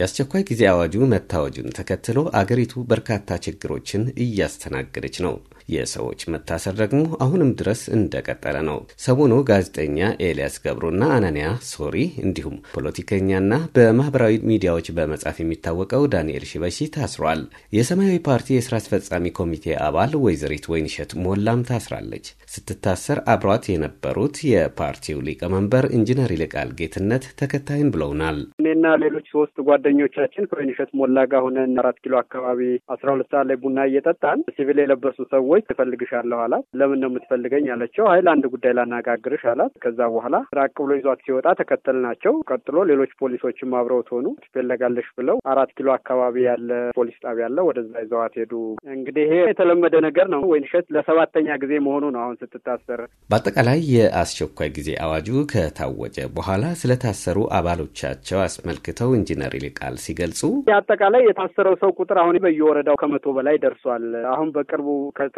የአስቸኳይ ጊዜ አዋጁ መታወጁን ተከትሎ አገሪቱ በርካታ ችግሮችን እያስተናገደች ነው። የሰዎች መታሰር ደግሞ አሁንም ድረስ እንደቀጠለ ነው። ሰሞኑ ጋዜጠኛ ኤልያስ ገብሩና አናንያ ሶሪ እንዲሁም ፖለቲከኛና በማህበራዊ ሚዲያዎች በመጻፍ የሚታወቀው ዳንኤል ሽበሺ ታስሯል። የሰማያዊ ፓርቲ የስራ አስፈጻሚ ኮሚቴ አባል ወይዘሪት ወይንሸት ሞላም ታስራለች። ስትታሰር አብሯት የነበሩት የፓርቲው ሊቀመንበር ኢንጂነር ይልቃል ጌትነት ተከታይን ብለውናል። እኔና ሌሎች ሶስት ጓደኞቻችን ከወይንሸት ሞላ ጋር ሆነን አራት ኪሎ አካባቢ አስራ ሁለት ሰዓት ላይ ቡና እየጠጣን ሲቪል የለበሱ ሰዎች ሰዎች ትፈልግሻለሁ አላት። ለምን ነው የምትፈልገኝ አለችው። አይ ለአንድ ጉዳይ ላነጋግርሽ አላት። ከዛ በኋላ ራቅ ብሎ ይዟት ሲወጣ ተከተል ናቸው። ቀጥሎ ሌሎች ፖሊሶችም አብረውት ሆኑ። ትፈለጋለሽ ብለው አራት ኪሎ አካባቢ ያለ ፖሊስ ጣቢያ አለ። ወደዛ ይዘዋት ሄዱ። እንግዲህ ይሄ የተለመደ ነገር ነው። ወይን ለሰባተኛ ጊዜ መሆኑ ነው አሁን ስትታሰር። በአጠቃላይ የአስቸኳይ ጊዜ አዋጁ ከታወጀ በኋላ ስለታሰሩ አባሎቻቸው አስመልክተው ኢንጂነር ይልቃል ሲገልጹ አጠቃላይ የታሰረው ሰው ቁጥር አሁን በየወረዳው ከመቶ በላይ ደርሷል። አሁን በቅርቡ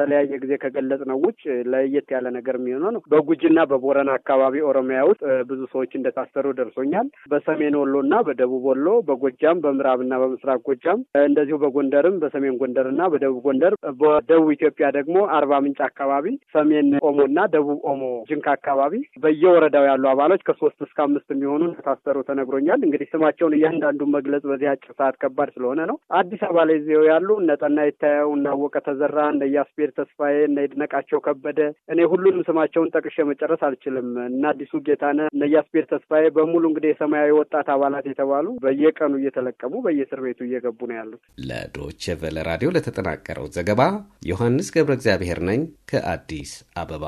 በተለያየ ጊዜ ከገለጽ ነው ውጭ ለየት ያለ ነገር የሚሆነው ነው። በጉጂና በቦረና አካባቢ ኦሮሚያ ውስጥ ብዙ ሰዎች እንደታሰሩ ደርሶኛል። በሰሜን ወሎ እና በደቡብ ወሎ፣ በጎጃም በምዕራብና በምስራቅ ጎጃም እንደዚሁ በጎንደርም በሰሜን ጎንደርና በደቡብ ጎንደር፣ በደቡብ ኢትዮጵያ ደግሞ አርባ ምንጭ አካባቢ፣ ሰሜን ኦሞና ደቡብ ኦሞ ጅንካ አካባቢ በየወረዳው ያሉ አባሎች ከሶስት እስከ አምስት የሚሆኑ እንደታሰሩ ተነግሮኛል። እንግዲህ ስማቸውን እያንዳንዱን መግለጽ በዚህ አጭር ሰዓት ከባድ ስለሆነ ነው። አዲስ አበባ ላይ ዚው ያሉ እነ የታየው እናወቀ ተዘራ፣ እንደ ያስፔድ ተስፋዬ፣ እነ ይድነቃቸው ከበደ እኔ ሁሉንም ስማቸውን ጠቅሼ መጨረስ አልችልም እና አዲሱ ጌታነ እነ ያስቤር ተስፋዬ በሙሉ እንግዲህ የሰማያዊ ወጣት አባላት የተባሉ በየቀኑ እየተለቀሙ በየእስር ቤቱ እየገቡ ነው ያሉት። ለዶቼ ቬለ ራዲዮ ለተጠናቀረው ዘገባ ዮሐንስ ገብረ እግዚአብሔር ነኝ ከአዲስ አበባ